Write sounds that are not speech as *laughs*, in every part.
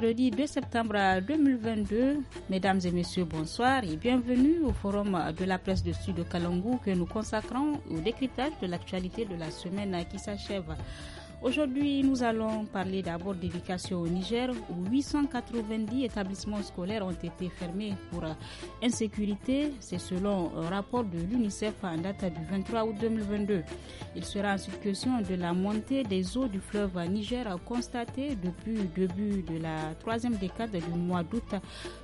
vendredi 2 septembre 2022. Mesdames et messieurs, bonsoir et bienvenue au forum de la presse de Sud de Kalangou que nous consacrons au décryptage de l'actualité de la semaine qui s'achève. Aujourd'hui, nous allons parler d'abord d'éducation au Niger, où 890 établissements scolaires ont été fermés pour euh, insécurité. C'est selon un rapport de l'UNICEF en date du 23 août 2022. Il sera en question de la montée des eaux du fleuve Niger constatée depuis le début de la troisième décade du mois d'août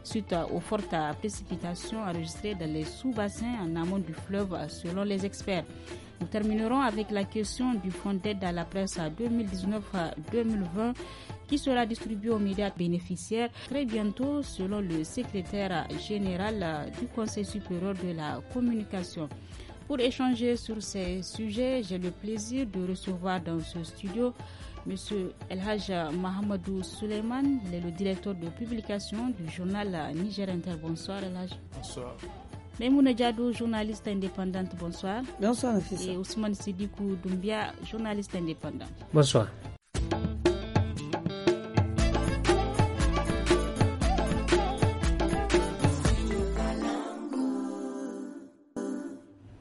suite aux fortes précipitations enregistrées dans les sous-bassins en amont du fleuve selon les experts. Nous terminerons avec la question du fonds d'aide à la presse 2019-2020 qui sera distribué aux médias bénéficiaires très bientôt selon le secrétaire général du Conseil supérieur de la communication. Pour échanger sur ces sujets, j'ai le plaisir de recevoir dans ce studio M. Elhaj Mahamadou Suleiman, il est le directeur de publication du journal Niger Inter. Bonsoir Elhaj. Bonsoir. Maimouna Diado, journaliste indépendante, bonsoir. Bonsoir, Nafisa. Et Ousmane Sidikou Doumbia, journaliste indépendante. Bonsoir.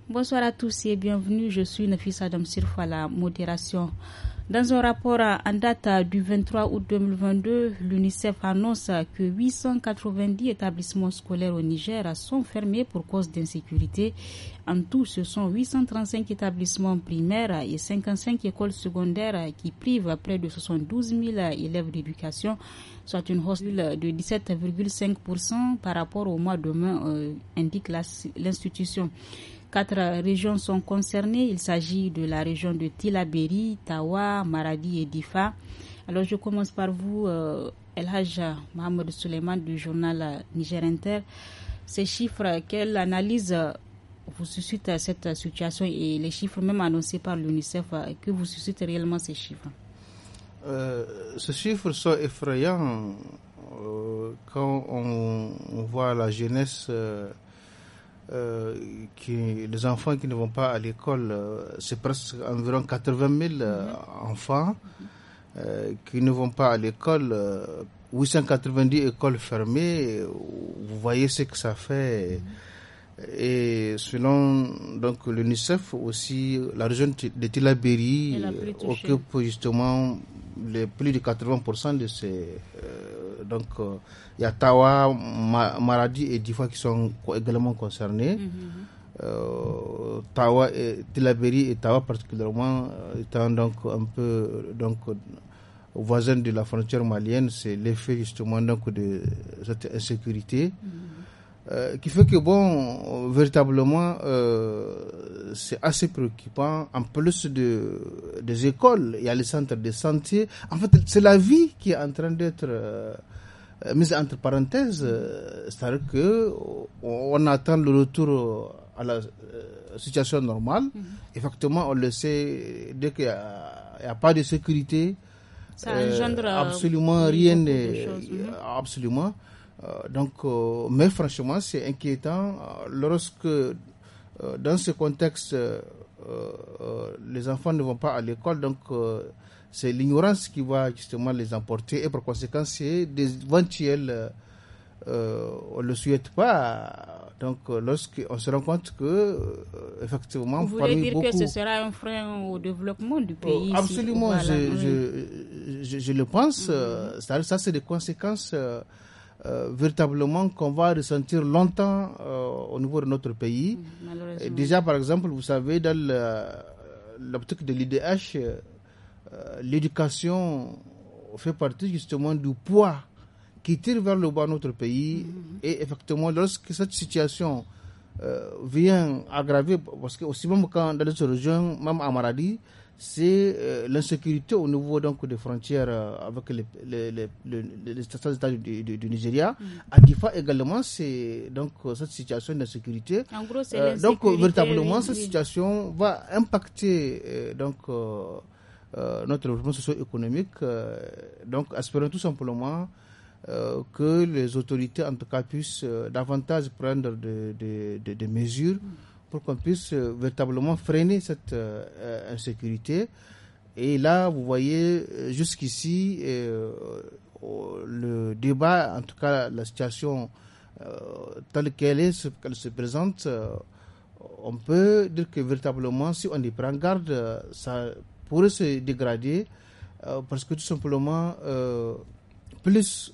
Bonsoir à tous et bienvenue. Je suis Nafisa Adam Sirfou la modération. Dans un rapport en date du 23 août 2022, l'UNICEF annonce que 890 établissements scolaires au Niger sont fermés pour cause d'insécurité. En tout, ce sont 835 établissements primaires et 55 écoles secondaires qui privent près de 72 000 élèves d'éducation, soit une hausse de 17,5% par rapport au mois de mai, euh, indique l'institution. Quatre régions sont concernées. Il s'agit de la région de Tilaberi, Tawa, Maradi et Difa. Alors je commence par vous, euh, El du journal Niger Inter. Ces chiffres, quelle analyse vous suscite cette situation et les chiffres même annoncés par l'UNICEF, que vous suscite réellement ces chiffres euh, Ces chiffres sont effrayants euh, quand on, voit la jeunesse euh, euh, qui, les enfants qui ne vont pas à l'école, euh, c'est presque environ 80 000 euh, enfants qui ne vont pas à l'école. 890 écoles fermées, vous voyez ce que ça fait. Et selon donc l'UNICEF aussi, la région de Tilaberi occupe justement les plus de 80% de ces donc euh, il y a Tawa, Maradi et Difa qui sont également concernés. Mhm, mhm. Euh, Tawa et Tilaberi et Tawa particulièrement euh, étant donc un peu donc voisins de la frontière malienne, c'est l'effet justement donc de cette insécurité. Mhm. qui fait que bon, véritablement, c'est assez préoccupant. En plus de, des écoles, il y a les centres de santé. En fait, c'est la vie qui est en train d'être euh, mise entre parenthèses, euh, c'est-à-dire qu'on euh, attend le retour à la situation normale. Mhm. Effectivement, on le sait, dès qu'il n'y a, pas de sécurité, ça engendre absolument rien. Mhm. Absolument. donc, mais franchement, c'est inquiétant lorsque, dans ce contexte, les enfants ne vont pas à l'école. Donc, c'est l'ignorance qui va justement les emporter et par conséquent, c'est des éventuels. Euh, on ne le souhaite pas. Donc, lorsqu'on se rend compte que, euh, effectivement, vous voulez dire que ce sera un frein au développement du pays Absolument, je, je, le pense. Mhm. Euh, ça, ça c'est des conséquences véritablement qu'on va ressentir longtemps au niveau de notre pays. Mhm, déjà, par exemple, vous savez, dans l'optique de l'IDH, euh, l'éducation fait partie justement du poids qui tire vers le bas notre pays. Mhm. Et effectivement, lorsque cette situation euh, vient aggraver, parce que aussi même quand dans notre région, même à Maradi, c'est euh, l'insécurité au niveau donc des frontières avec les, les, les, les États du, Nigeria. Mhm. À également, c'est donc cette situation d'insécurité. En Donc véritablement, cette situation va impacter donc euh, notre développement socio-économique. Euh, donc, espérons tout simplement euh, que les autorités, en tout cas, puissent davantage prendre des de, mesures pour qu'on puisse véritablement freiner cette insécurité. Et là, vous voyez, jusqu'ici, le débat, en tout cas, la situation telle qu'elle est, qu'elle se présente, on peut dire que véritablement, si on y prend garde, ça pourrait se dégrader euh, parce que tout simplement, euh, plus.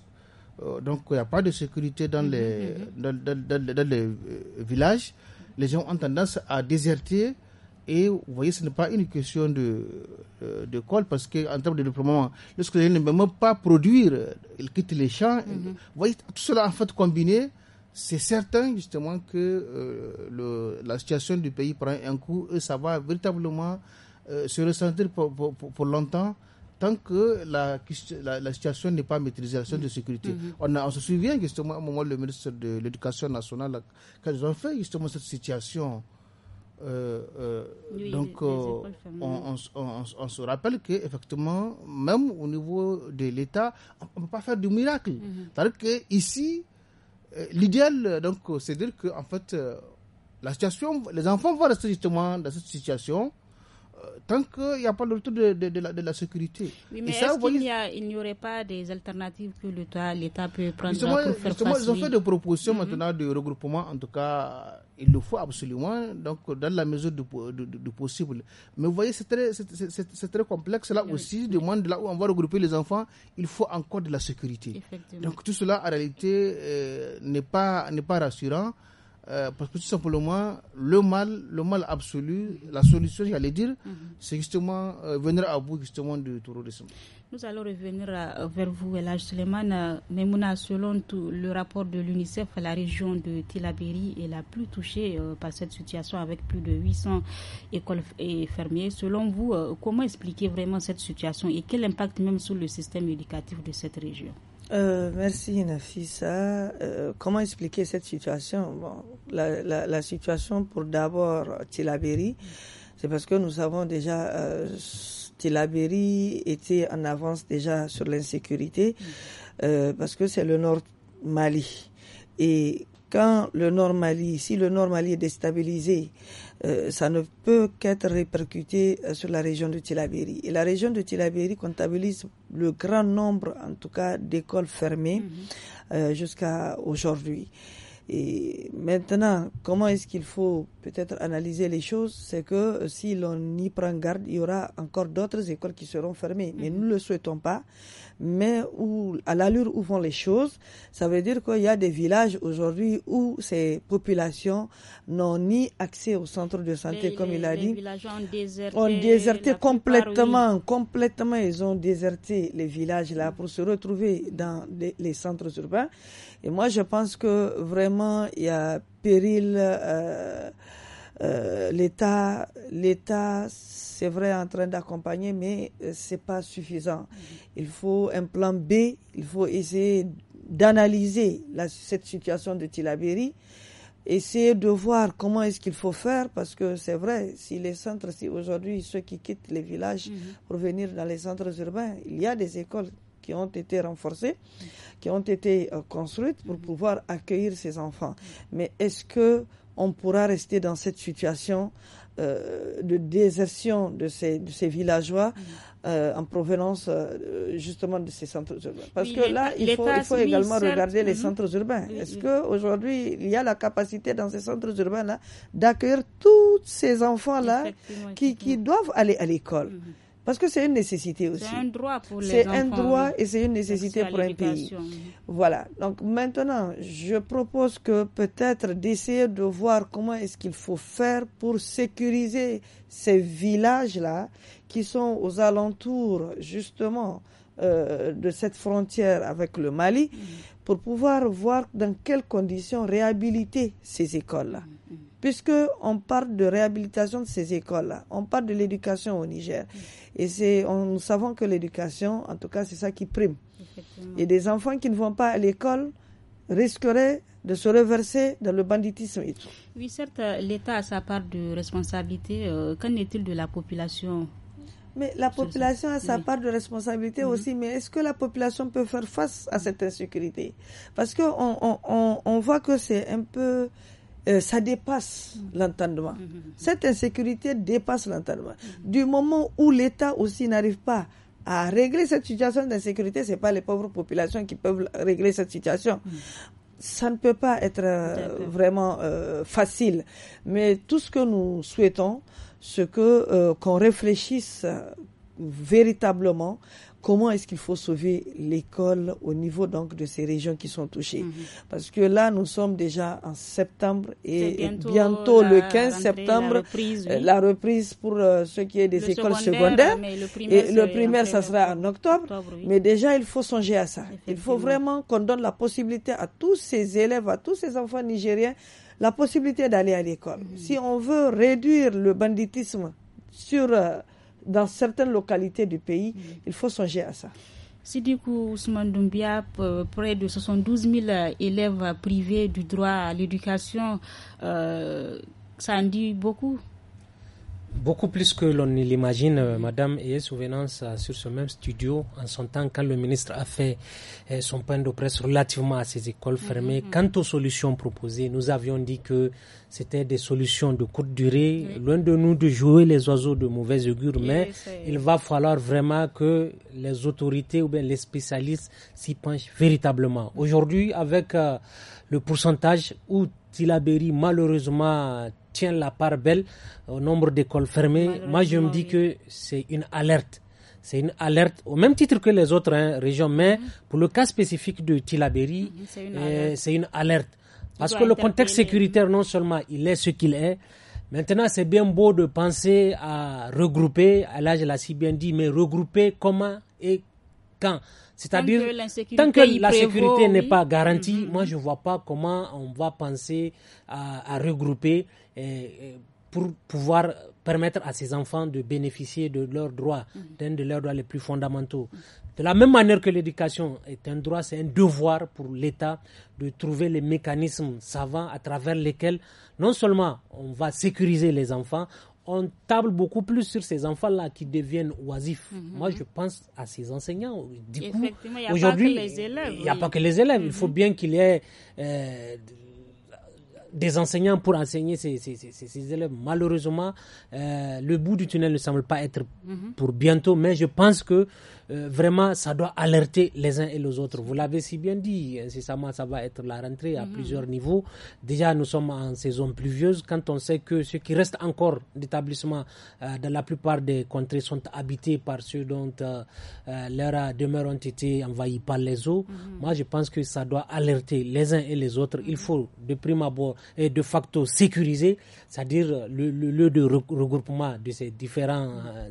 Euh, donc, il n'y a pas de sécurité dans mhm, les, mhm. dans, dans, dans, les villages. Les gens ont tendance à déserter. Et vous voyez, ce n'est pas une question de, de parce qu'en termes de développement, lorsque les ne peuvent même pas produire, ils quittent les champs. Mhm. Vous voyez, tout cela en fait combiné, c'est certain justement que la situation du pays prend un coup et ça va véritablement euh, se ressentir pour, longtemps tant que la, la, situation n'est pas maîtrisée, la situation de sécurité. Mm-hmm. on, on, se souvient justement à un moment, le ministre de l'Éducation nationale, quand ils ont fait justement cette situation, euh, euh, donc, on, on, se rappelle qu'effectivement, même au niveau de l'État, on ne peut pas faire du miracle. Mm-hmm. C'est-à-dire qu'ici, l'idéal, donc, c'est dire que en fait, la situation, les enfants vont rester justement dans cette situation tant qu'il n'y a pas le retour de, de, la, sécurité. Oui, mais est-ce qu'il n'y aurait pas des alternatives que l'État peut prendre pour faire face, ils ont fait des propositions mhm. maintenant de regroupement. En tout cas, il le faut absolument, donc dans la mesure du, possible. Mais vous voyez, c'est très, très, complexe. Là aussi, demande, là où on va regrouper les enfants, il faut encore de la sécurité. Donc tout cela, en réalité, euh, n'est pas, pas rassurant. Euh, parce que tout simplement, le mal, le mal absolu, la solution, j'allais dire, mhm. c'est justement euh, venir à bout justement du terrorisme. Nous allons revenir euh, vers vous, Elage Suleiman. Memouna, selon tout, le rapport de l'UNICEF, la région de Tilaberi est la plus touchée par cette situation avec plus de 800 écoles et fermiers. Selon vous, comment expliquer vraiment cette situation et quel impact même sur le système éducatif de cette région euh, merci Nafisa. Euh, comment expliquer cette situation bon, la, situation pour d'abord Tilaberi, c'est parce que nous avons déjà euh, était en avance déjà sur l'insécurité mm. euh, parce que c'est le Nord Mali et quand le Nord Mali, si le Nord Mali est déstabilisé, euh, ça ne peut qu'être répercuté euh, sur la région de Tilaberi. Et la région de Tilaberi comptabilise le grand nombre, en tout cas, d'écoles fermées mhm. euh, jusqu'à aujourd'hui. Et maintenant, comment est-ce qu'il faut peut-être analyser les choses C'est que euh, si l'on y prend garde, il y aura encore d'autres écoles qui seront fermées. Mais mhm. nous ne le souhaitons pas mais où, à l'allure où vont les choses, ça veut dire qu'il y a des villages aujourd'hui où ces populations n'ont ni accès au centre de santé, comme il a dit. ont déserté, ont déserté complètement, complètement. Ils ont déserté les villages là pour se retrouver dans les, les centres urbains. Et moi, je pense que vraiment, il y a péril. Euh, euh, l'État, l'État, c'est vrai, est en train d'accompagner, mais ce euh, c'est pas suffisant. Il faut un plan B. Il faut essayer d'analyser cette situation de Tilaberi, essayer de voir comment est-ce qu'il faut faire, parce que c'est vrai, si les centres, si aujourd'hui ceux qui quittent les villages mhm. pour venir dans les centres urbains, il y a des écoles qui ont été renforcées, qui ont été euh, construites pour mhm. pouvoir accueillir ces enfants. Mais est-ce que on pourra rester dans cette situation euh, de désertion de ces, villageois mm. euh, en provenance euh, justement de ces centres urbains. Parce que là, il faut, également regarder les mm-hmm. centres urbains. Est-ce qu'aujourd'hui, il y a la capacité dans ces centres urbains-là d'accueillir tous ces enfants-là qui, doivent aller à l'école mm-hmm. Parce que c'est une nécessité aussi. C'est un droit pour les C'est un droit et c'est une nécessité pour un pays. Voilà. Donc maintenant, je propose que peut-être d'essayer de voir comment est-ce qu'il faut faire pour sécuriser ces villages-là qui sont aux alentours justement euh, de cette frontière avec le Mali mm. pour pouvoir voir dans quelles conditions réhabiliter ces écoles-là. Mm, mm puisque on parle de réhabilitation de ces écoles-là, on parle de l'éducation au Niger, et c'est, nous savons que l'éducation, en tout cas, c'est ça qui prime. Et des enfants qui ne vont pas à l'école risqueraient de se reverser dans le banditisme et tout. Oui, certes, l'État a sa part de responsabilité. Euh, qu'en est-il de la population mais la population a sa part de responsabilité mhm. aussi, mais est-ce que la population peut faire face à cette insécurité Parce qu'on on, voit que c'est un peu euh, ça dépasse l'entendement. Cette insécurité dépasse l'entendement. Du moment où l'État aussi n'arrive pas à régler cette situation d'insécurité, ce pas les pauvres populations qui peuvent régler cette situation. Ça ne peut pas être euh, vraiment euh, facile. Mais tout ce que nous souhaitons, c'est que qu'on réfléchisse véritablement comment est-ce qu'il faut sauver l'école au niveau donc de ces régions qui sont touchées. Mhm. Parce que là, nous sommes déjà en septembre et bientôt, le 15 septembre, euh, la reprise, pour euh, ce qui est des écoles secondaires. et le primaire ça sera en octobre. Mais déjà, il faut songer à ça. Il faut vraiment qu'on donne la possibilité à tous ces élèves, à tous ces enfants nigériens, la possibilité d'aller à l'école. Mhm. Si on veut réduire le banditisme sur... Euh, dans certaines localités du pays. Mm. Il faut songer à ça. coup, Ousmane Doumbia, euh, près de 72 000 élèves privés du droit à l'éducation, euh, ça en dit beaucoup Beaucoup plus que l'on l'imagine, euh, Madame. Et souvenance euh, sur ce même studio, en son temps, quand le ministre a fait euh, son point de presse relativement à ces écoles fermées, mhm. quant aux solutions proposées, nous avions dit que c'était des solutions de courte durée. Loin de nous de jouer les oiseaux de mauvaise augure, mais il va falloir vraiment que les autorités ou bien les spécialistes s'y penchent véritablement. Aujourd'hui, avec le pourcentage où Tilaberi malheureusement tient la part belle au nombre d'écoles fermées. Moi, je me dis que c'est une alerte. C'est une alerte au même titre que les autres hein, régions, mais mhm. pour le cas spécifique de Tilaberi, mhm, euh, c'est une, alerte. Parce que le contexte sécuritaire, non seulement il est ce qu'il est, Maintenant, c'est bien beau de penser à regrouper, à l'âge, l'a si bien dit, mais regrouper comment et quand c'est-à-dire, tant que la sécurité n'est pas garantie, mm-hmm. moi je ne vois pas comment on va penser à, regrouper euh, euh, pour pouvoir permettre à ces enfants de bénéficier de leurs droits, mm-hmm. d'un de leurs droits les plus fondamentaux. De la même manière que l'éducation est un droit, c'est un devoir pour l'État de trouver les mécanismes savants à travers lesquels non seulement on va sécuriser les enfants, on table beaucoup plus sur ces enfants-là qui deviennent oisifs. Mhm. Moi, je pense à ces enseignants. Du coup, aujourd'hui, il n'y a pas que les élèves. Il faut mhm. bien qu'il y ait euh, des enseignants pour enseigner ces, élèves. Malheureusement, euh, le bout du tunnel ne semble pas être mhm. pour bientôt, mais je pense que euh, vraiment, ça doit alerter les uns et les autres. Vous l'avez si bien dit, incessamment, ça va être la rentrée à mhm. plusieurs niveaux. Déjà, nous sommes en saison pluvieuse. Quand on sait que ceux qui restent encore d'établissements euh, dans la plupart des contrées sont habités par ceux dont euh, leurs demeures ont été envahies par les eaux, mhm. moi, je pense que ça doit alerter les uns et les autres. Il mhm. faut, de prime abord et de facto, sécuriser c'est-à-dire euh, le, lieu de regroupement de ces, différents, euh,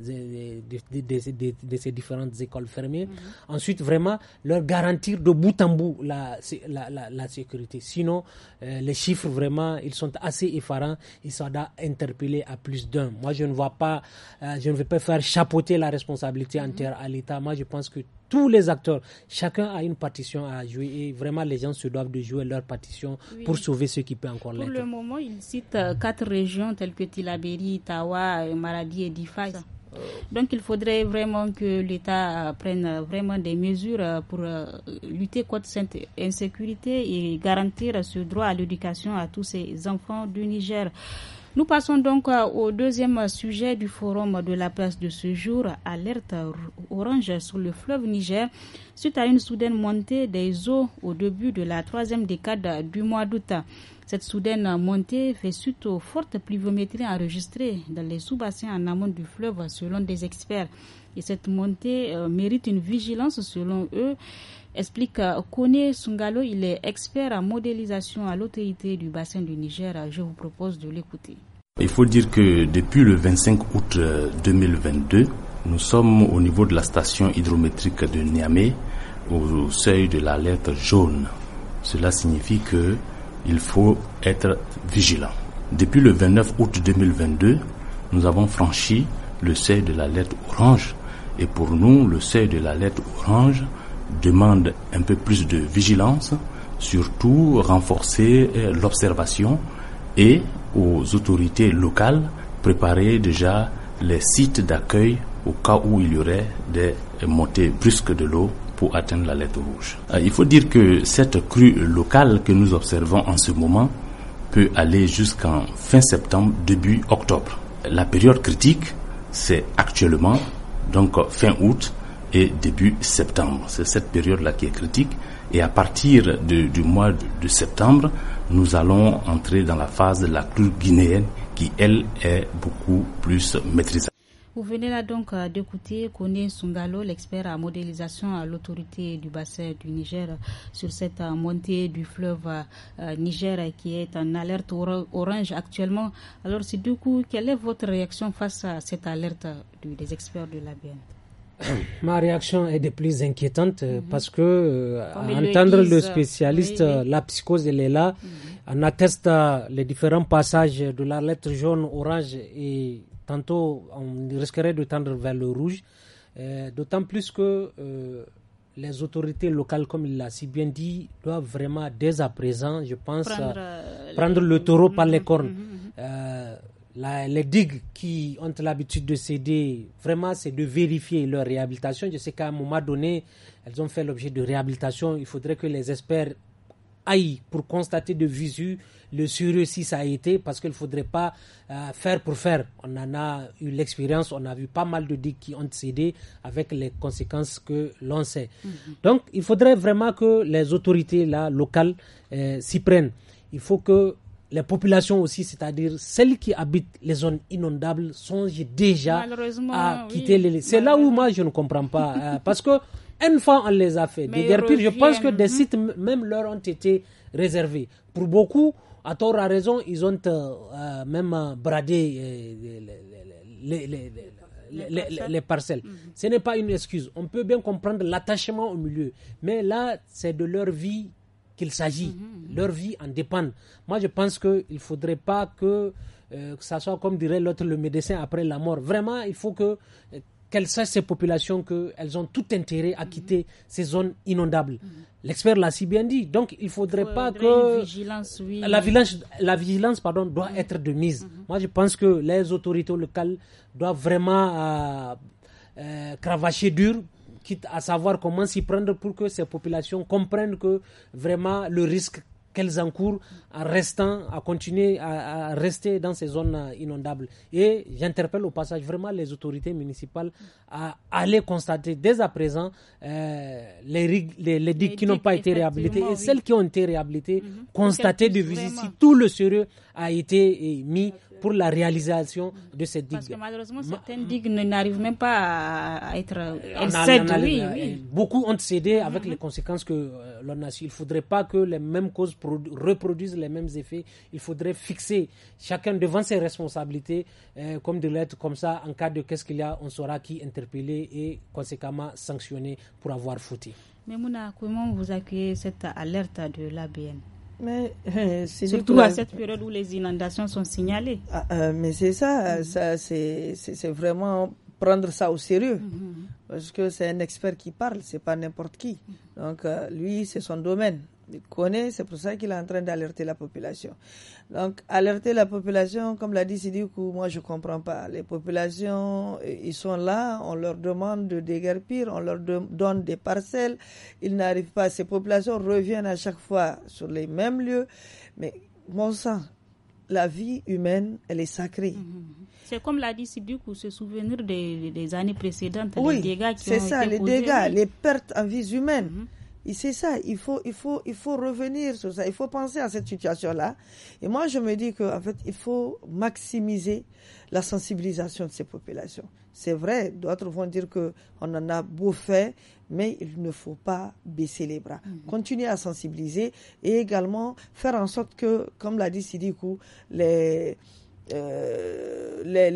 de, ces différentes écoles fermées. Mhm. Ensuite, vraiment, leur garantir de bout en bout la, la, la, sécurité. Sinon, euh, les chiffres, vraiment, ils sont assez effarants. Ils sont interpellés à plus d'un. Moi, je ne vois pas, je ne vais pas faire chapeauter la responsabilité mhm. entière à l'État. Moi, je pense que tous les acteurs. Chacun a une partition à jouer et vraiment les gens se doivent de jouer leur partition pour sauver ceux qui peuvent encore l'être. Pour le moment, il cite euh, quatre régions telles que Tilaberi, Tawa, euh, Maradi et Difaï. Euh. Donc il faudrait vraiment que l'État prenne vraiment des mesures pour lutter contre cette insécurité et garantir ce droit à l'éducation à tous ces enfants du Niger. Nous passons donc euh, au deuxième sujet du forum de la place de ce jour, alerte orange sur le fleuve Niger, suite à une soudaine montée des eaux au début de la troisième décade du mois d'août. Cette soudaine montée fait suite aux fortes pluviométries enregistrées dans les sous-bassins en amont du fleuve selon des experts. Et cette montée euh, mérite une vigilance selon eux explique euh, Kone Sungalo, il est expert en modélisation à l'autorité du bassin du Niger. Je vous propose de l'écouter. Il faut dire que depuis le 25 août 2022, euh, nous sommes au niveau de la station hydrométrique de Niamey, au seuil de la lettre jaune. Cela signifie que il faut être vigilant. Depuis le 29 août 2022, nous avons franchi le seuil de la lettre orange et pour nous, le seuil de la lettre orange demande un peu plus de vigilance, surtout renforcer euh, l'observation et aux autorités locales préparer déjà les sites d'accueil au cas où il y aurait des montées brusques de l'eau pour atteindre la lettre rouge. Euh, il faut dire que cette crue locale que nous observons en ce moment peut aller jusqu'en fin septembre, début octobre. La période critique, c'est actuellement, donc fin août et début septembre. C'est cette période-là qui est critique. Et à partir de, du mois de, septembre, nous allons entrer dans la phase de la crue guinéenne qui, elle, est beaucoup plus maîtrisable. Vous venez là donc euh, d'écouter Koné Sungalo, l'expert en modélisation à l'autorité du bassin du Niger sur cette euh, montée du fleuve euh, Niger qui est en alerte orange actuellement. Alors, c'est du coup, quelle est votre réaction face à cette alerte des experts de la l'ABN *coughs* Ma réaction est de plus inquiétante euh, mhm. parce que, euh, entendre le, euh, spécialiste, la psychose, elle est là. Mhm. On atteste les différents passages de la lettre jaune, orange et tantôt on risquerait de tendre vers le rouge. D'autant plus que les autorités locales, comme il l'a si bien dit, doivent vraiment dès à présent, je pense, prendre, le taureau par les mhm, cornes les digues qui ont l'habitude de céder, vraiment, c'est de vérifier leur réhabilitation. Je sais qu'à un moment donné, elles ont fait l'objet de réhabilitation. Il faudrait que les experts aillent pour constater de visu le sérieux si ça a été, parce qu'il ne faudrait pas euh, faire pour faire. On en a eu l'expérience, on a vu pas mal de digues qui ont cédé avec les conséquences que l'on sait. Mhm. Donc, il faudrait vraiment que les autorités là, locales euh, s'y prennent. Il faut que les populations aussi, c'est-à-dire celles qui habitent les zones inondables, songent déjà à quitter oui. les. C'est là où moi je ne comprends pas, *laughs* euh, parce que une fois on les a fait, Mais je pense que des mm-hmm. sites même leur ont été réservés. Pour beaucoup, à tort à raison, ils ont même bradé les, parcelles. Mm-hmm. Ce n'est pas une excuse. On peut bien comprendre l'attachement au milieu. Mais là, c'est de leur vie qu'il s'agit. Mhm, mhm. Leur vie en dépend. Moi, je pense qu'il ne faudrait pas euh, que, ça soit, comme dirait l'autre, le médecin après la mort. Vraiment, il faut que euh, qu'elles sachent ces populations qu'elles ont tout intérêt à mhm. quitter ces zones inondables. L'expert l'a si bien dit. Donc, il ne faudrait pas que... La vigilance, la vigilance pardon, doit être de mise. Moi, je pense que les autorités locales doivent vraiment euh, cravacher dur à savoir comment s'y prendre pour que ces populations comprennent que vraiment le risque qu'elles encourent en restant, à continuer à, rester dans ces zones inondables. Et j'interpelle au passage vraiment les autorités municipales à aller constater dès à présent euh, les, les, digues qui n'ont pas été réhabilitées et celles qui ont été réhabilitées, mhm. constater de visite tout le sérieux a été eh, mis pour la réalisation de cette digue. Parce que malheureusement, certaines digues n'arrivent même pas à être. Elles Beaucoup ont cédé avec mhm. les conséquences que euh, l'on a Il ne faudrait pas que les mêmes causes reproduisent les mêmes effets. Il faudrait fixer chacun devant ses responsabilités, euh, comme de l'être comme ça. En cas de qu'est-ce qu'il y a, on saura qui interpeller et conséquemment sanctionner pour avoir foutu. Mais Mouna, comment vous accueillez cette alerte de l'ABN mais, euh, c'est Surtout à cette période où les inondations sont signalées. Ah, euh, mais c'est ça, ça c'est vraiment prendre ça au sérieux. Mhm. Parce que c'est un expert qui parle, c'est pas n'importe qui. Donc, euh, lui, c'est son domaine connaît, c'est pour ça qu'il est en train d'alerter la population. Donc, alerter la population, comme l'a dit Sidikou, moi je comprends pas. Les populations, euh, ils sont là, on leur demande de déguerpir, on leur donne des parcelles, ils n'arrivent pas. Ces populations reviennent à chaque fois sur les mêmes lieux, mais mon sang, la vie humaine, elle est sacrée. Mhm, mhm. C'est comme l'a dit Sidikou, se souvenir des, années précédentes, oui, les dégâts qui ont ça, les dégâts, les pertes en vie humaine. Mhm. C'est ça, il faut, il, faut, il faut revenir sur ça, il faut penser à cette situation-là. Et moi, je me dis qu'en fait, il faut maximiser la sensibilisation de ces populations. C'est vrai, d'autres vont dire qu'on en a beau fait, mais il ne faut pas baisser les bras. Mm. Continuer à sensibiliser et également faire en sorte que, comme l'a dit Sidikou, les... Euh, les,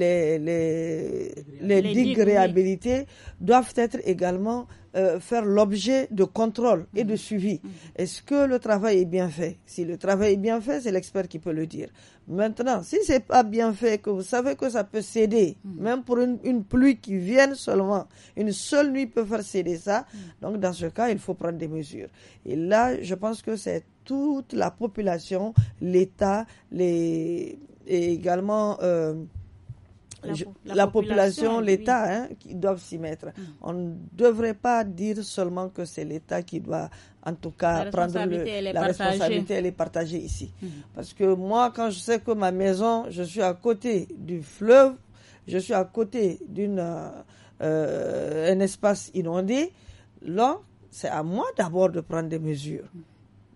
les, doivent être également euh, faire l'objet de contrôle et de suivi. Mm. Mm. Est-ce que le travail est bien fait Si le travail est bien fait, c'est l'expert qui peut le dire. Maintenant, si ce n'est pas bien fait, que vous savez que ça peut céder, mm. même pour une, pluie qui vienne seulement, une seule nuit peut faire céder ça. Donc, dans ce cas, il faut prendre des mesures. Et là, je pense que c'est toute la population, l'État, les et également euh, la, population, l'État, hein, qui doivent s'y mettre. Mm. On ne devrait pas dire seulement que c'est l'État qui doit, en tout cas, prendre la responsabilité, elle est partagée ici. Mm. Parce que moi, quand je sais que ma maison, je suis à côté du fleuve, je suis à côté d'une euh, euh, un espace inondé, là, c'est à moi d'abord de prendre des mesures. Mm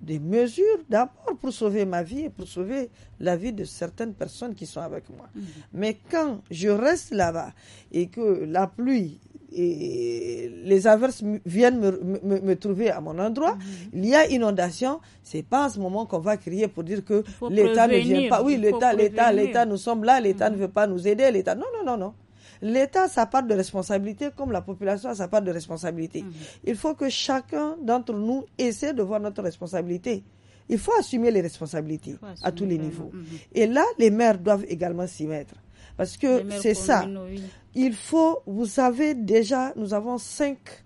des mesures d'abord pour sauver ma vie et pour sauver la vie de certaines personnes qui sont avec moi. Mm. Mais quand je reste là-bas et que la pluie et les averses viennent me, me, trouver à mon endroit, mm. il y a inondation, c'est pas à ce moment qu'on va crier pour dire que l'État ne vient pas. Oui, l'État, l'État, l'État, nous sommes là, l'État mm. ne veut pas nous aider, l'État. Non, non, non, non. L'État a sa part de responsabilité comme la population a sa part de responsabilité. Mhm. Il faut que chacun d'entre nous essaie de voir notre responsabilité. Il faut assumer les responsabilités à tous les niveaux. Mhm. Et là, les maires doivent également s'y mettre. Parce que c'est ça. Il faut, vous savez déjà, nous avons cinq,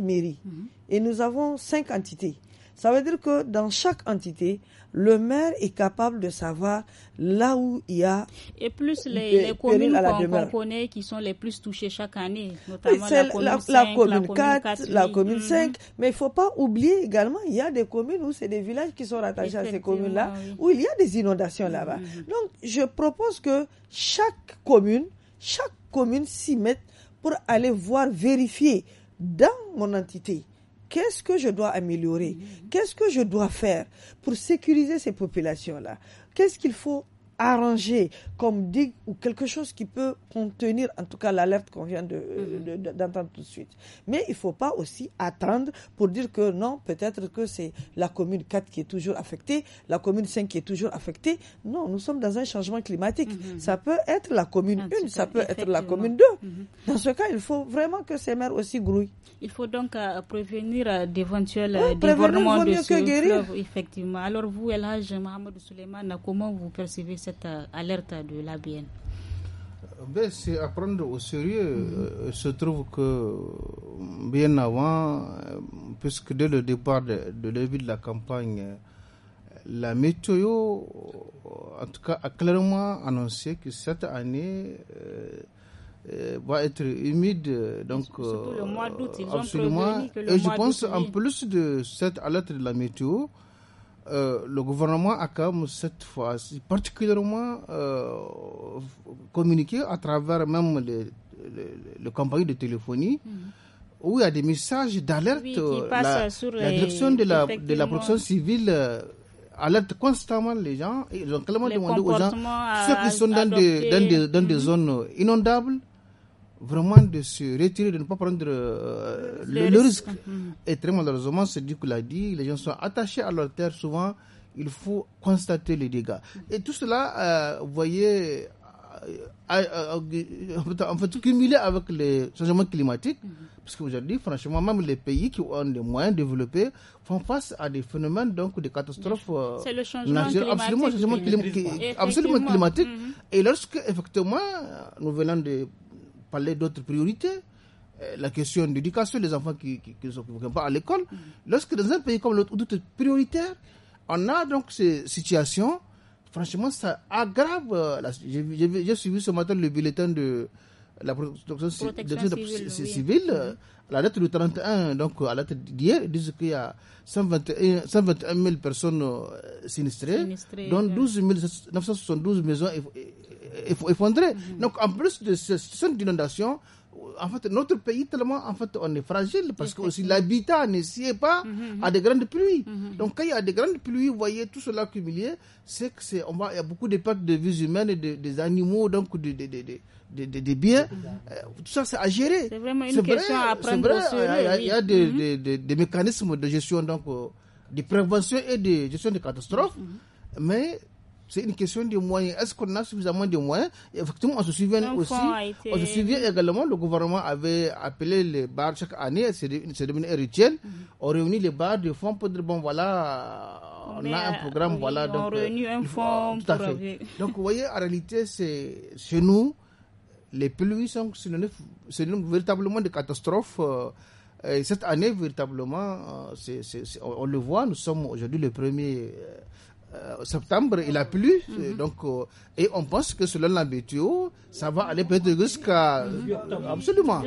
mairies mhm. et nous avons cinq entités. Ça veut dire que dans chaque entité, le maire est capable de savoir là où il y a. Et plus les, communes qu'on connaît qui sont les plus touchées chaque année, notamment la commune, la, commune 4, la commune 5. Mhm. Mais il ne faut pas oublier également, il y a des communes où c'est des villages qui sont rattachés à ces communes-là, où il y a des inondations mhm. là-bas. Donc, je propose que chaque commune, chaque commune s'y mette pour aller voir, vérifier dans mon entité qu'est-ce que je dois améliorer, mm-hmm. qu'est-ce que je dois faire pour sécuriser ces populations-là, qu'est-ce qu'il faut arrangé comme digue ou quelque chose qui peut contenir en tout cas l'alerte qu'on vient d'entendre mhm. de, d'entendre tout de suite. Mais il ne faut pas aussi attendre pour dire que non, peut-être que c'est la commune 4 qui est toujours affectée, la commune 5 qui est toujours affectée. Non, nous sommes dans un changement climatique. Mhm. Ça peut être la commune 1, ça peut être la commune 2. Mhm. Dans ce cas, il faut vraiment que ces maires aussi grouillent. Il faut donc euh, prévenir euh, d'éventuels euh, de ce effectivement. Alors vous, Elhaj Mohamed Souleiman comment vous percevez cette euh, alerte de l'ABN ben, C'est à prendre au sérieux. Euh, se trouve que bien avant, euh, puisque dès le départ de, de début de la campagne, la météo, en tout cas, a clairement annoncé que cette année va être humide. Donc, le mois d'août, absolument. Ont que le et je pense, en plus de cette alerte de la météo, euh, le gouvernement a comme cette fois-ci particulièrement euh, communiqué à travers même les, les, de téléphonie mhm. où il y a des messages d'alerte. la, direction de la, de protection civile euh, alerte constamment les gens. Ils ont clairement demandé aux gens, ceux qui sont dans, des mhm. zones inondables, vraiment de se retirer, de ne pas prendre euh, le, risque. Mm-hmm. Et très malheureusement, c'est du coup l'a dit, les gens sont attachés à leur terre souvent, il faut constater les dégâts. Et tout cela, euh, vous voyez, euh, en fait, cumulé avec les changements climatiques, mm-hmm. parce qu'aujourd'hui, franchement, même les pays qui ont des moyens développés font face à des phénomènes, donc des catastrophes C'est le changement climatique. Absolument, climatique. Mm-hmm. Et lorsque, effectivement, nous venons de parler d'autres priorités euh, la question d'éducation les enfants qui, ne sont pas à l'école. Mm. Lorsque dans un pays comme l'autre, tout est prioritaire, on a donc ces situations. Franchement, ça aggrave. Euh, j'ai suivi ce matin le bulletin de la protection, civile, mm-hmm. euh, la lettre du 31, donc à la date d'hier, disent qu'il y a 121, 000 personnes sinistrées, dont 12 972 maisons effondré. Donc, en plus de cette zone d'inondation, en fait, notre pays, tellement, en fait, on est fragile parce que aussi l'habitat ne s'y est pas mm-hmm, mm-hmm. à des grandes pluies. Mm-hmm, donc, quand il y a des grandes pluies, vous voyez tout cela cumulé, c'est qu'il il y a beaucoup de pertes de vies humaines, et des animaux, donc, des de, de, biens. Euh, tout ça, c'est à gérer. C'est vraiment une question à prendre Il y a, des, des, mécanismes de gestion, donc, euh, de prévention et de gestion des catastrophes. Mais c'est une question de moyens. Est-ce qu'on a suffisamment de moyens Effectivement, on se souvient aussi. On se souvient également, le gouvernement avait appelé les bars chaque année, c'est devenu un rituel. Mhm. On réunit les bars de fond pour dire bon, voilà on a un programme, voilà. On donc, euh, un fonds *laughs* Donc, vous voyez, en réalité, c'est chez nous, les pluies sont véritablement de catastrophes. Euh, et cette année, véritablement, euh, on, on, le voit, nous sommes aujourd'hui le premier euh, septembre, il a plu. Mhm. Donc, euh, et on pense que selon la ça va aller peut-être jusqu'à. Absolument.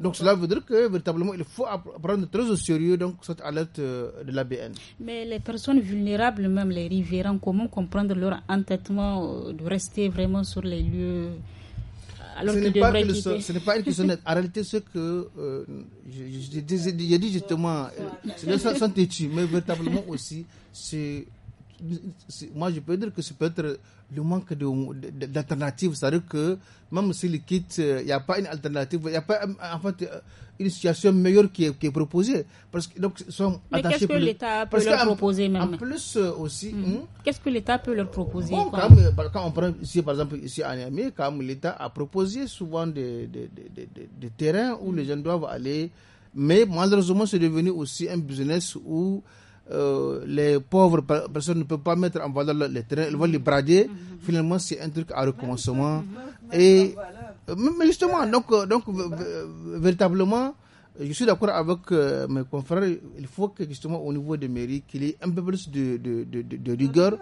donc, cela veut dire que véritablement, il faut prendre très au sérieux donc, cette alerte de euh, de l'ABN. Mais les personnes vulnérables, même les riverains, comment comprendre leur entêtement de rester vraiment sur les lieux alors ce n'est pas, pas, une question *laughs* En réalité, ce que j'ai dit justement, c'est ce *laughs* sont têtus, mais véritablement aussi, c'est moi je peux dire que c'est peut-être le manque d'alternatives. C'est-à-dire que même s'ils quittent, euh, il n'y a pas une alternative, il n'y a pas en fait euh, une situation meilleure qui est, proposée. Parce que, donc, sont Mais euh, hmm. Hmm. qu'est-ce que l'État peut leur proposer même En plus aussi. qu'est-ce que l'État peut leur proposer quand, on prend ici, par exemple, ici à Niamey, quand l'État a proposé souvent des, des, des, des terrains où les jeunes hmm. doivent aller. Mais malheureusement, c'est devenu aussi un business où euh, les pauvres personnes ne peuvent pas mettre en valeur les terrains, ils vont les brader. Mhm. Finalement, c'est un truc à recommencement. Et euh, mais justement, donc, euh, donc véritablement, je suis d'accord avec mes confrères, il faut que justement au niveau des mairies, qu'il y ait un peu plus de, de, de, rigueur.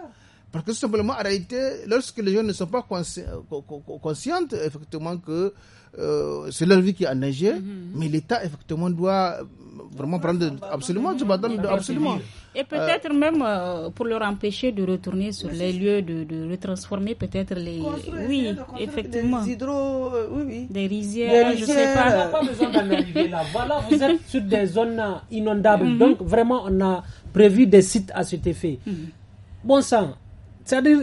Parce que simplement, en réalité, lorsque les gens ne sont pas conscients effectivement, que euh, c'est leur vie qui a neigé, mhm. mais l'État, effectivement, doit euh, vraiment prendre absolument, je absolument. Et euh, peut-être même pour leur empêcher de retourner sur les lieux, de, de retransformer peut-être les. oui, effectivement. Des hydro, oui, oui. Des rizières, des rizières, je sais pas. On n'a pas besoin d'en arriver là. Voilà, vous êtes sur des zones inondables. Mhm. Donc, vraiment, on a prévu des sites à cet effet. Mhm. Bon sang, c'est-à-dire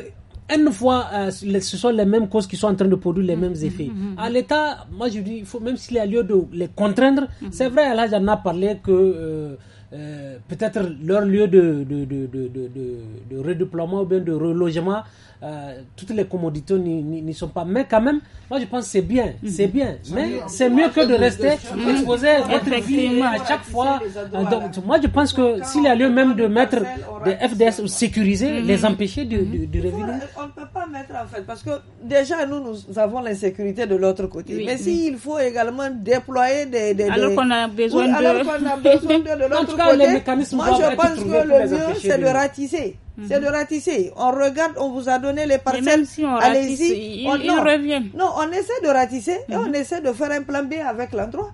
une fois euh, ce sont les mêmes causes qui sont en train de produire les mm, mêmes mm, effets. À mm, l'État, moi je dis, il faut, même s'il y a lieu de les contraindre, c'est vrai, là j'en ai parlé que euh, euh, peut-être leur lieu de, de, de, de, redéploiement ou bien de relogement euh, toutes les commodités n'y sont pas. Mais quand même, moi je pense que c'est bien, mhm. c'est bien. Mais c'est mieux que de rester exposé mhm. votre vie à chaque fois. Euh, donc, moi je pense que s'il y a lieu même de mettre des FDS sécurisés, mhm. les empêcher de, de, revenir. On ne peut pas mettre en fait, parce que déjà nous, nous avons l'insécurité de l'autre côté. mais s'il faut également déployer des. alors qu'on a besoin de. a l'autre côté. Cas, les mécanismes moi, je pense que le mieux, c'est de ratisser. C'est mhm. de ratisser. On regarde, on vous a donné les parcelles. Allez-y. Oh, on, revient. Non, on essaie de ratisser et on mhm. essaie de faire un plan B avec l'endroit.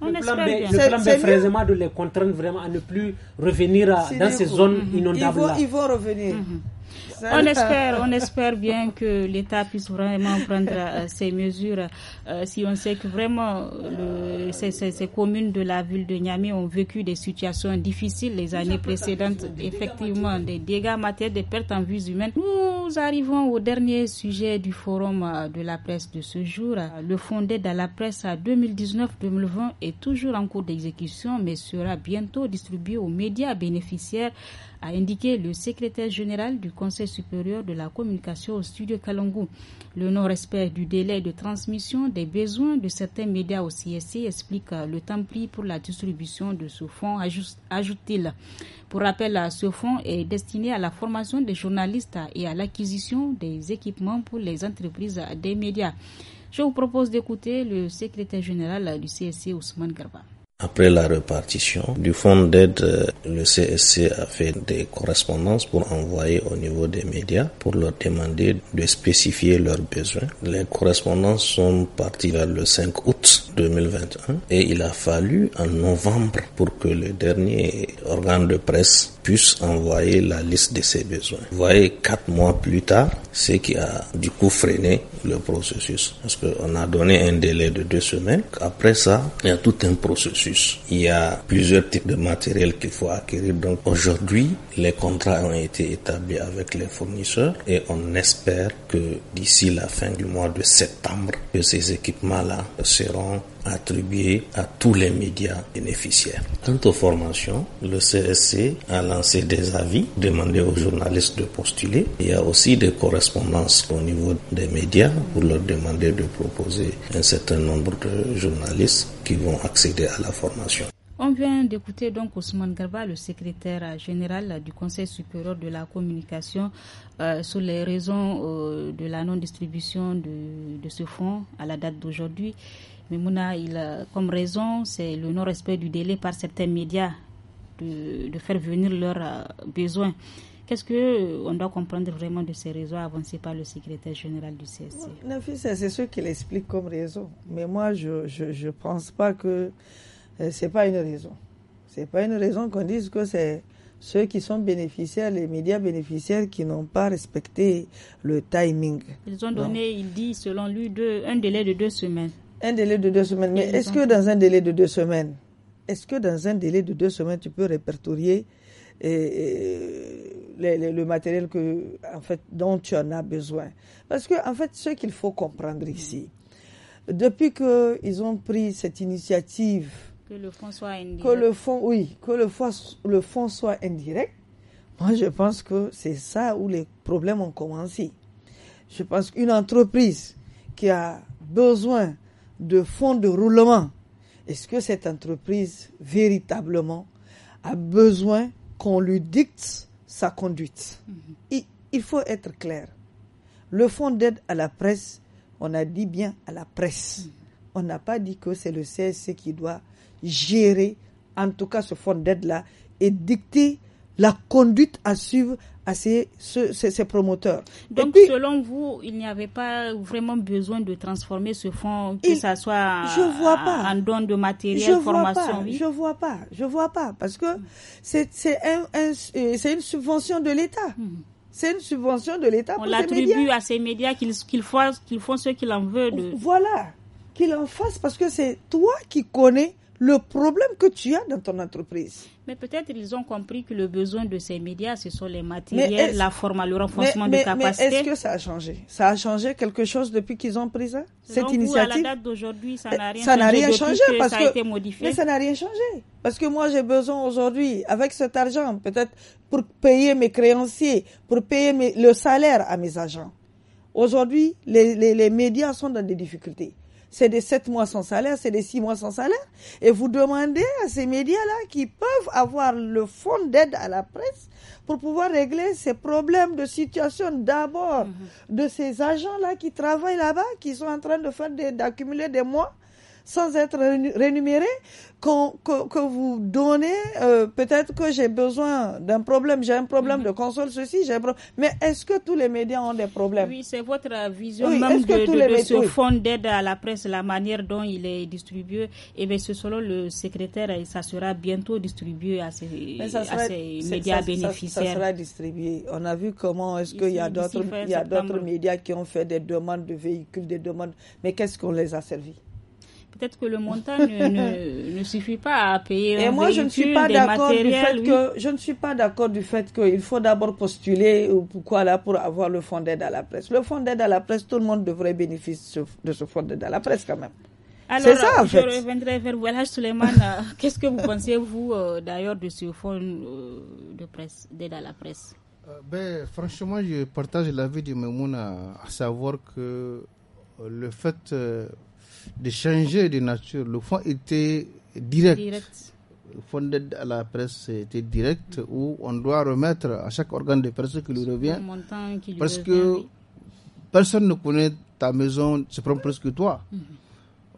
Le, plan B, le plan B de les contraindre vraiment à ne plus revenir dans ces zones mhm. inondables. ils vont revenir on espère, on espère bien que l'État puisse vraiment prendre ces euh, mesures. Euh, si on sait que vraiment le, ces, ces, communes de la ville de Niamey ont vécu des situations difficiles les années précédentes, effectivement, des dégâts matériels, des pertes en vue humaine arrivons au dernier sujet du forum euh, de la presse de ce jour. Euh, le fonds d'aide à la presse à euh, 2019-2020 est toujours en cours d'exécution, mais sera bientôt distribué aux médias bénéficiaires, a indiqué le secrétaire général du Conseil supérieur de la communication au studio Kalangou. Le non-respect du délai de transmission des besoins de certains médias au CSC explique le temps pris pour la distribution de ce fonds, ajoute-t-il. Pour rappel, ce fonds est destiné à la formation des journalistes et à l'acquisition des équipements pour les entreprises des médias. Je vous propose d'écouter le secrétaire général du CSC Ousmane Garba. Après la répartition du fonds d'aide, euh, le CSC a fait des correspondances pour envoyer au niveau des médias pour leur demander de spécifier leurs besoins. Les correspondances sont parties vers le 5 août 2021 et il a fallu en novembre pour que le dernier organe de presse puisse envoyer la liste de ses besoins. Vous voyez, quatre mois plus tard, ce qui a du coup freiné le processus. Parce qu'on a donné un délai de deux semaines. Après ça, il y a tout un processus il y a plusieurs types de matériel qu'il faut acquérir. Donc aujourd'hui, les contrats ont été établis avec les fournisseurs et on espère que d'ici la fin du mois de septembre, que ces équipements-là seront attribué à tous les médias bénéficiaires. Quant aux formations, le CSC a lancé des avis, demandé aux journalistes de postuler. Il y a aussi des correspondances au niveau des médias pour leur demander de proposer un certain nombre de journalistes qui vont accéder à la formation. On vient d'écouter donc Ousmane Garba, le secrétaire général du Conseil supérieur de la communication, euh, sur les raisons euh, de la non-distribution de, de, ce fonds à la date d'aujourd'hui. Mais il comme raison, c'est le non-respect du délai par certains médias de, de faire venir leurs euh, besoins. Qu'est-ce qu'on euh, doit comprendre vraiment de ces raisons avancées par le secrétaire général du CSC c'est ce qu'il explique comme raison. Mais moi, je ne pense pas que ce euh, c'est pas une raison. C'est pas une raison qu'on dise que c'est ceux qui sont bénéficiaires, les médias bénéficiaires qui n'ont pas respecté le timing. Ils ont donné, il dit, selon lui, un délai de deux semaines. Un délai de deux semaines. Mais est-ce que dans un délai de deux semaines, est-ce que dans un délai de deux semaines, tu peux répertorier eh, eh, le matériel que, en fait, dont tu en as besoin Parce que, en fait, ce qu'il faut comprendre ici, depuis qu'ils ont pris cette initiative, que le soit Que le oui, que le le fonds soit indirect. Moi, je pense que c'est ça où les problèmes ont commencé. Je pense qu'une entreprise qui a besoin de fonds de roulement. Est-ce que cette entreprise véritablement a besoin qu'on lui dicte sa conduite mm-hmm. il, faut être clair. Le fonds d'aide à la presse, on a dit bien à la presse. Mm-hmm. On n'a pas dit que c'est le CSC qui doit gérer, en tout cas ce fonds d'aide-là, et dicter la conduite à suivre à ces, promoteurs. Donc, selon vous, il n'y avait pas vraiment besoin de transformer ce fonds, que ça soit en don de matériel, je formation vois pas, Je vois pas, je vois pas, parce que c'est un, euh, une subvention de l'État. Hmm. c'est une subvention de l'État On l'attribue à ces médias qu'ils font, font, ce qu'ils en veulent. Voilà, qu'ils en fassent parce que c'est toi qui connais le problème que tu as dans ton entreprise. Mais peut-être ils ont compris que le besoin de ces médias, ce sont les matériels, la forme, le renforcement de capacité. Mais est-ce que ça a changé Ça a changé quelque chose depuis qu'ils ont pris cette initiative à ça n'a rien changé. parce ça Mais ça n'a rien changé. Parce que moi, j'ai besoin aujourd'hui, avec cet argent, peut-être pour payer mes créanciers, pour payer le salaire à mes agents. Aujourd'hui, les médias sont dans des difficultés c'est des sept mois sans salaire, c'est des six mois sans salaire. Et vous demandez à ces médias-là qui peuvent avoir le fonds d'aide à la presse pour pouvoir régler ces problèmes de situation d'abord mm-hmm. de ces agents-là qui travaillent là-bas, qui sont en train de faire d'accumuler des mois sans être rémunéré, que, vous donnez, euh, peut-être que j'ai besoin d'un problème, j'ai un problème de mhm. console, ceci, j'ai un problème. Mais est-ce que tous les médias ont des problèmes Oui, c'est votre vision oui, même de, ce fonds d'aide à la presse, la manière dont il est distribué. Et eh bien, selon le secrétaire, et ça sera bientôt distribué à ces, médias bénéficiaires. Ça, sera distribué. On a vu comment est-ce qu'il y a d'autres, il y a d'autres médias qui ont fait des demandes de véhicules, des demandes. Mais qu'est-ce qu'on les a servis peut-être que le montant *laughs* ne, suffit pas à payer. Et moi, je ne suis pas d'accord du fait que je ne suis pas d'accord du fait qu'il faut d'abord postuler euh, pourquoi là pour avoir le fonds d'aide à la presse. Le fonds d'aide à la presse, tout le monde devrait bénéficier de ce fonds d'aide à la presse quand même. Alors, ça, en je reviendrai vers Wallach Suleiman. Euh, *laughs* qu'est-ce que vous pensez, vous, euh, d'ailleurs, de ce fonds de presse, d'aide à la presse ben, Franchement, je partage l'avis de Memouna, à savoir que le fait de changer de nature. Le fonds était direct. Le fonds d'aide à la presse était direct où on doit remettre à chaque organe de presse qui lui revient. parce que personne ne connaît ta maison, c'est prend presque toi. Mhm.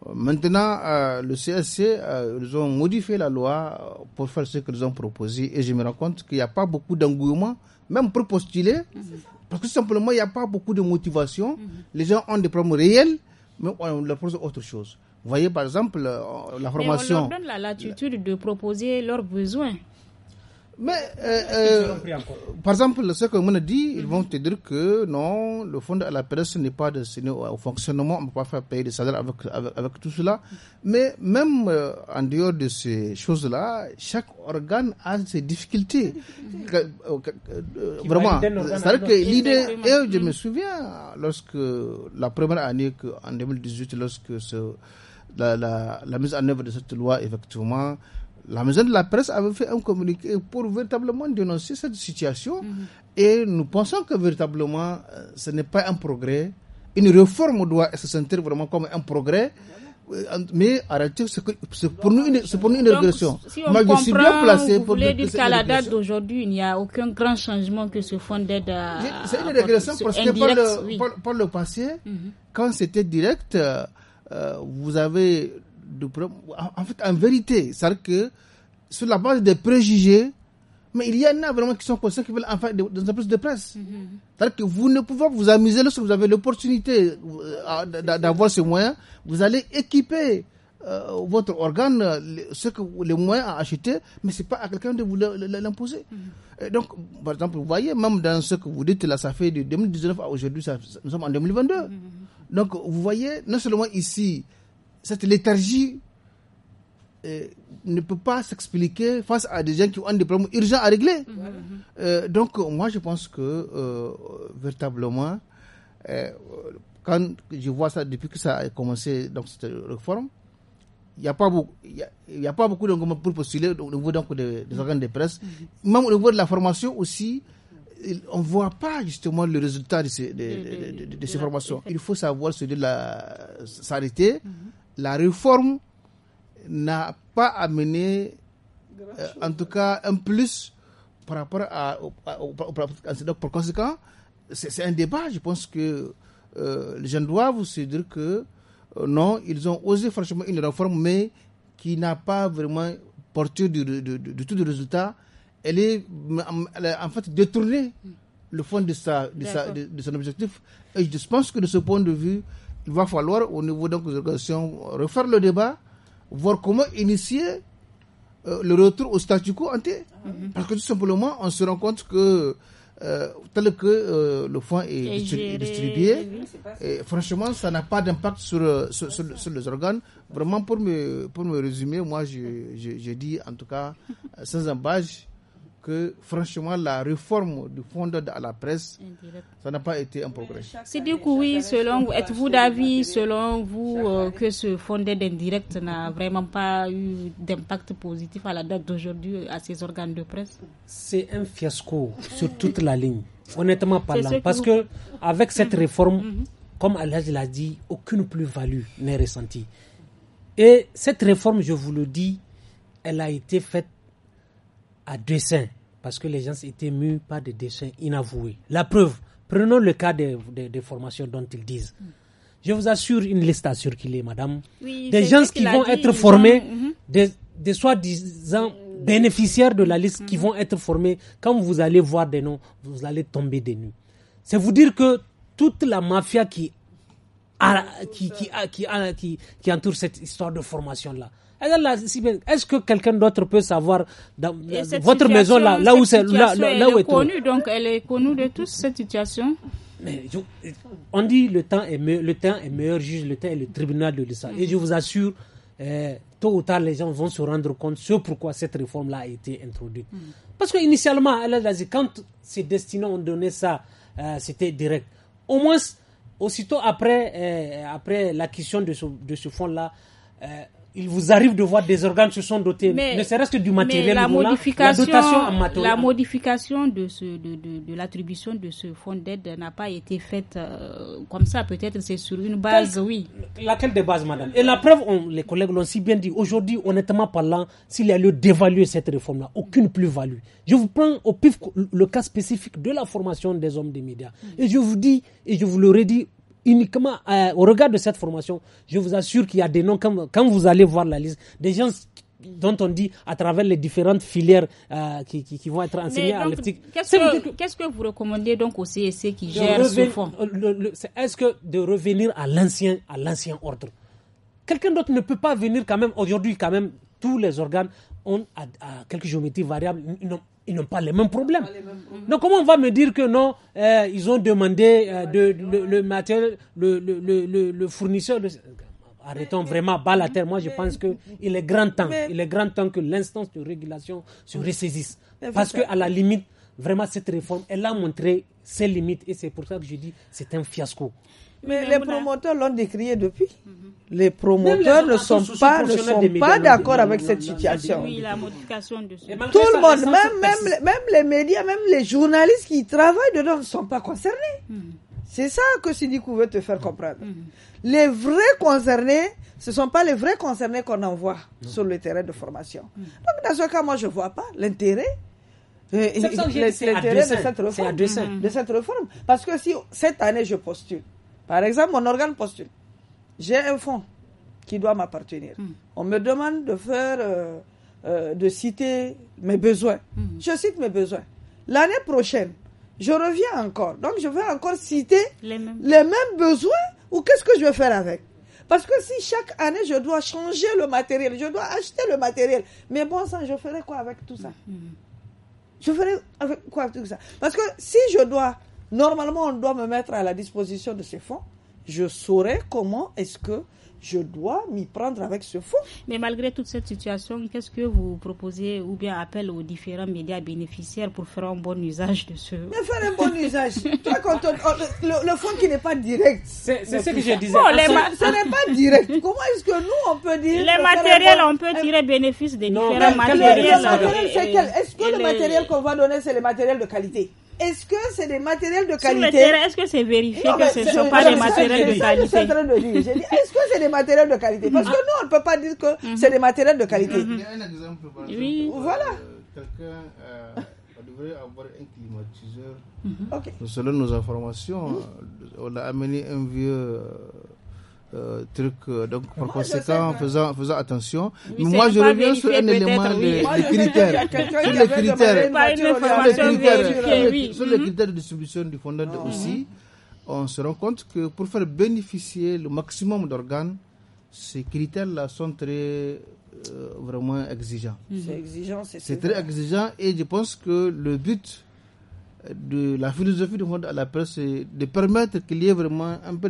Euh, maintenant, euh, le CSC, euh, ils ont modifié la loi pour faire ce qu'ils ont proposé et je me rends compte qu'il n'y a pas beaucoup d'engouement, même pour postuler, mhm. parce que simplement, il n'y a pas beaucoup de motivation. Mhm. Les gens ont des problèmes réels mais on leur propose autre chose. Vous voyez, par exemple, euh, la formation. Mais on leur donne la latitude de proposer leurs besoins. Mais, euh, euh par exemple, ce que on a dit, ils vont te dire que non, le fonds de la presse n'est pas destiné au fonctionnement, on ne peut pas faire payer des salaires avec, avec, tout cela. Mais même euh, en dehors de ces choses-là, chaque organe a ses difficultés. Euh, vraiment. C'est-à-dire que l'idée, je me mm. souviens, lorsque la première année, en 2018, lorsque ce, la, la, la, mise en œuvre de cette loi, effectivement, la maison de la presse avait fait un communiqué pour véritablement dénoncer cette situation. Mhm. Et nous pensons que véritablement, euh, ce n'est pas un progrès. Une réforme doit se sentir vraiment comme un progrès. Euh, mais arrêtez, c'est pour nous une, pour une régression. si on comprend, placé vous pour voulez dire qu'à la date d'aujourd'hui, il n'y a aucun grand changement que ce fonds d'aide C'est une régression parce que par le, par, le, passé, mhm. quand c'était direct, euh, vous avez en fait, en vérité, c'est-à-dire que sur la base des préjugés, mais il y en a vraiment qui sont conscients qui veulent en faire des, de presse. Mm-hmm. C'est-à-dire que vous ne pouvez pas vous amuser lorsque vous avez l'opportunité euh, d'avoir ces moyens. Vous allez équiper euh, votre organe, ce que les moyens à acheter, mais c'est pas à quelqu'un de vous l'imposer. Mm-hmm. Donc, par exemple, vous voyez, même dans ce que vous dites là, ça fait de 2019 à aujourd'hui, nous sommes en 2022. Mm-hmm. Donc, vous voyez, non seulement ici, cette léthargie euh, ne peut pas s'expliquer face à des gens qui ont des problèmes urgents à régler. Mhm. Euh, donc, moi, je pense que euh, véritablement, quand je vois ça depuis que ça a commencé, cette réforme, il n'y a pas beaucoup, il a pas beaucoup pour postuler au niveau donc, des, mhm. organes de presse. Mhm. Même au niveau de la formation aussi, on ne voit pas justement le résultat de ces, formations. Il faut savoir s'arrêter la s'arrêter la réforme n'a pas amené, euh, en tout cas, un plus par rapport à, donc par conséquent, c'est un débat. Je pense que euh, les gens doivent se dire que euh, non, ils ont osé franchement une réforme, mais qui n'a pas vraiment porté du, tout de résultat. Elle est, en fait détournée le fond de, sa, de, de, son objectif. Et je pense que de ce point de vue, il va falloir au niveau donc des organisations refaire le débat, voir comment initier euh, le retour au statu quo ante. Mhm. Parce que tout simplement, on se rend compte que euh, tel que euh, le fonds est, distribué, franchement, ça n'a pas d'impact sur, les organes. Vraiment, pour me, pour me résumer, moi, je, je, dis, en tout cas, sans embâche, que franchement la réforme du fonds d'aide à la presse, ça n'a pas été un progrès. C'est du coup oui, selon vous, êtes-vous d'avis, selon vous, que ce fonds d'aide indirecte n'a vraiment pas eu d'impact positif à la date d'aujourd'hui à ces organes de presse C'est un fiasco sur toute la ligne, honnêtement parlant, parce que avec cette mhm. réforme, mhm. comme Alhaj l'a dit, aucune plus-value n'est ressentie. Et cette réforme, je vous le dis, elle a été faite à dessein, parce que les gens étaient mûrs, par des dessins inavoués. La preuve, prenons le cas des, formations dont ils disent. Je vous assure une liste à circuler, madame. des gens qui vont être formés, mhm. des, soi-disant bénéficiaires de la liste qui vont être formés. Quand vous allez voir des noms, vous allez tomber des nues. C'est vous dire que toute la mafia qui, qui, qui, qui, qui entoure cette histoire de formation-là, est-ce que quelqu'un d'autre peut savoir dans votre maison là, là où c'est là, est connue donc elle est connue de tous cette situation. Mais on dit le temps est le temps est meilleur juge, le temps est le tribunal de l'État. Et je vous assure, euh, tôt ou tard, les gens vont se rendre compte ce pourquoi cette réforme-là a été introduite. Hmm. Parce que initialement, quand ces destinants ont donné ça, euh, c'était direct. Au moins, aussitôt après, euh, après l'acquisition de ce, de fonds-là, il vous arrive de voir des organes se sont dotés, mais, ne serait-ce que du matériel. La, modification, la, modification de, ce, de, l'attribution de ce fonds d'aide n'a pas été faite euh, comme ça. Peut-être c'est sur une base, oui. Laquelle des bases, madame Et la preuve, les collègues l'ont si bien dit, aujourd'hui, honnêtement parlant, s'il y a lieu d'évaluer cette réforme-là, aucune plus-value. Je vous prends au pif le cas spécifique de la formation des hommes des médias. Et je vous dis, et je vous le redis, uniquement euh, au regard de cette formation, je vous assure qu'il y a des noms, quand, quand, vous allez voir la liste, des gens dont on dit à travers les différentes filières euh, qui, vont être enseignées à l'éthique. Qu'est-ce que, vous recommandez donc au CSC qui gère ce fonds euh, Est-ce que de revenir à l'ancien, à l'ancien ordre Quelqu'un d'autre ne peut pas venir quand même, aujourd'hui quand même, tous les organes ont quelques géométries variables, ils n'ont pas les mêmes problèmes. Donc comment on va me dire que non, euh, ils ont demandé le, le, fournisseur de... Arrêtons vraiment bas la terre. Moi, je pense qu'il est grand temps. il est grand temps que l'instance de régulation se ressaisisse. Parce qu'à la limite, vraiment, cette réforme, elle a montré ses limites et c'est pour ça que je dis c'est un fiasco. Mais, les promoteurs l'ont décrié depuis. Les promoteurs ne sont pas, ne pas d'accord avec cette situation. Oui, la modification de Tout le monde, même, même, même, les médias, même les journalistes qui travaillent dedans ne sont pas concernés. C'est ça que Sidikou veut te faire comprendre. Les vrais concernés, ce ne sont pas les vrais concernés qu'on envoie sur le terrain de formation. dans ce cas, moi, je ne vois pas l'intérêt euh, L'intérêt de cette réforme. De cette réforme. Parce que si cette année je postule, par exemple, mon organe postule, j'ai un fonds qui doit m'appartenir. Hmm. On me demande de faire, euh, euh, de citer mes besoins. Hmm. Je cite mes besoins. L'année prochaine, je reviens encore. Donc, je vais encore citer les mêmes, besoins ou qu'est-ce que je vais faire avec parce que si chaque année je dois changer le matériel, je dois acheter le matériel, mais bon sang, je ferai quoi avec tout ça hmm. Je ferai avec quoi tout ça Parce que si je dois, normalement, on doit me mettre à la disposition de ces fonds, je saurai comment est-ce que je dois m'y prendre avec ce fonds. Mais malgré toute cette situation, qu'est-ce que vous proposez ou bien appel aux différents médias bénéficiaires pour faire un bon usage de ce... Mais faire un bon usage Toi, quand le, le, fonds qui n'est pas direct... C'est ce que je disais. Ce n'est pas direct. Comment est-ce que nous, on peut dire... Les matériels, on peut tirer bénéfice des différents matériels. Est-ce que le matériel qu'on va donner, c'est le matériel de qualité est-ce que c'est des matériels de qualité est-ce que c'est vérifié que ce ne sont pas des matériels de qualité est-ce que c'est des matériels de qualité Parce que nous, on ne peut pas dire que mhm. Mhm. c'est des matériels de qualité. Mhm. Il y a un exemple, par exemple, oui. Euh, voilà. Quelqu'un euh, devrait avoir un climatiseur. Selon nos informations, on a amené un vieux. Euh, euh, truc. Euh, donc, par conséquent, en faisant, faisant attention. moi, je reviens sur un élément critères. Sur les critères. Sur les mm-hmm. critères de distribution du fonds ah. aussi, on se rend compte que pour faire bénéficier le maximum d'organes, ces critères-là sont très euh, vraiment exigeants. C'est exigeant, c'est très exigeant. Et je pense que le but de la philosophie de monde à la presse, de permettre qu'il y ait vraiment un peu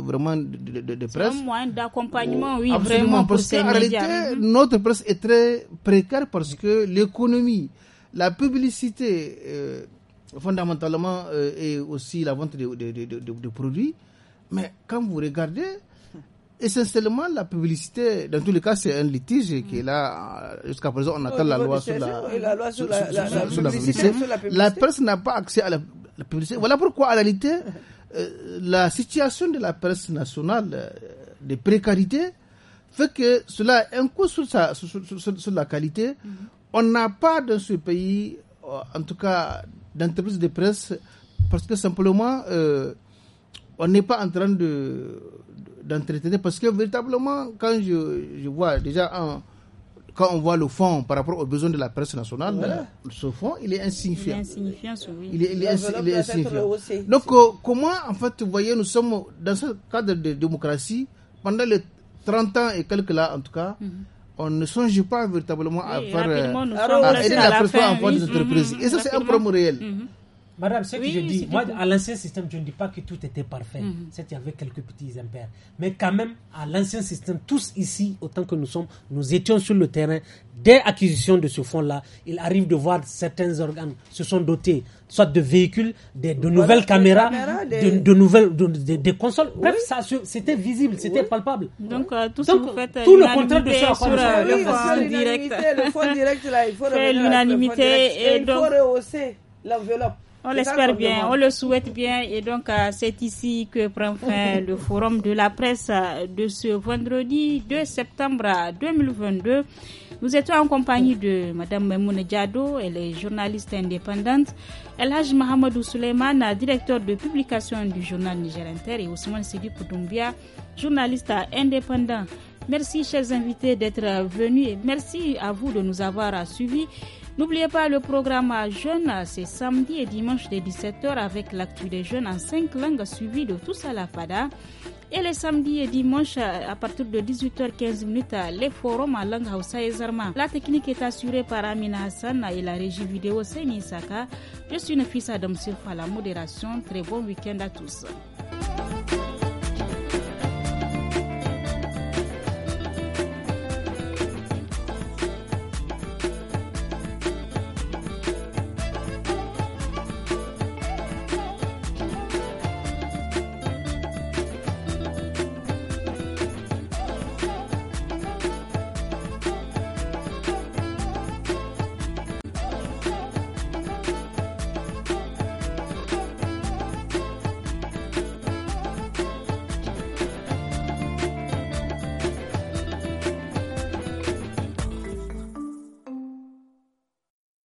vraiment de, presse. un moyen d'accompagnement, oui, vraiment parce que réalité, notre presse est très précaire parce que l'économie, la publicité, euh, fondamentalement, euh, et aussi la vente de, de, produits. Mais quand vous regardez, essentiellement la publicité, dans tous les cas, c'est un litige qui est là. Euh, jusqu'à présent, on attend la loi sur la publicité. La presse n'a pas accès à la, publicité. Voilà pourquoi, en réalité, euh, la situation de la presse nationale euh, de précarité fait que cela un coût sur, sur, la qualité. Mhm. On n'a pas dans ce pays, en tout cas, d'entreprise de presse parce que simplement, on n'est pas en train de d'entretenir parce que véritablement, quand je, je vois déjà quand on voit le fonds par rapport aux besoins de la presse nationale, ce fonds, il est insignifiant. Il est insignifiant, oui. Il est, insignifiant. Donc, euh, comment, en fait, vous voyez, nous sommes dans ce cadre de démocratie, pendant les 30 ans et quelques là, en tout cas, mhm. on ne songe pas véritablement à faire euh, à aider la presse avoir mhm. Et ça, c'est un problème réel. Mhm. Madame, ce que je dis, moi, à l'ancien système, je ne dis pas que tout était parfait. Mm-hmm. C'est qu'il y avait quelques petits impairs. Mais quand même, à l'ancien système, tous ici, autant que nous sommes, nous étions sur le terrain. Dès acquisition de ce fonds-là, il arrive de voir certains organes se sont dotés, soit de véhicules, de, nouvelles caméras, de, nouvelles consoles. Bref, c'était visible, c'était palpable. Donc, euh, tout, le contraire de ça. Sur, euh, le, direct. le direct, l'unanimité et il faut rehausser l'enveloppe. On l'espère bien, on le souhaite bien. Et donc, euh, c'est ici que prend fin *laughs* le forum de la presse euh, de ce vendredi 2 septembre 2022. Nous étions en compagnie de Mme Memoune Diado, elle est journaliste indépendante, Elhaj Mahamadou Suleiman, directeur de publication du journal Niger Inter, et Ousmane Sidi Koudoumbia, journaliste indépendant. Merci, chers invités, d'être venus et merci à vous de nous avoir suivis. N'oubliez pas le programme Jeunes, c'est samedi et dimanche de 17h avec l'actu des jeunes en 5 langues suivi de tous à la FADA. Et les samedis et dimanches, à partir de 18h15, les forums en langue Hausa et Zarma. La technique est assurée par Amina Hassan et la régie vidéo Seni Saka. Je suis une Adam Sirfa à la modération. Très bon week-end à tous.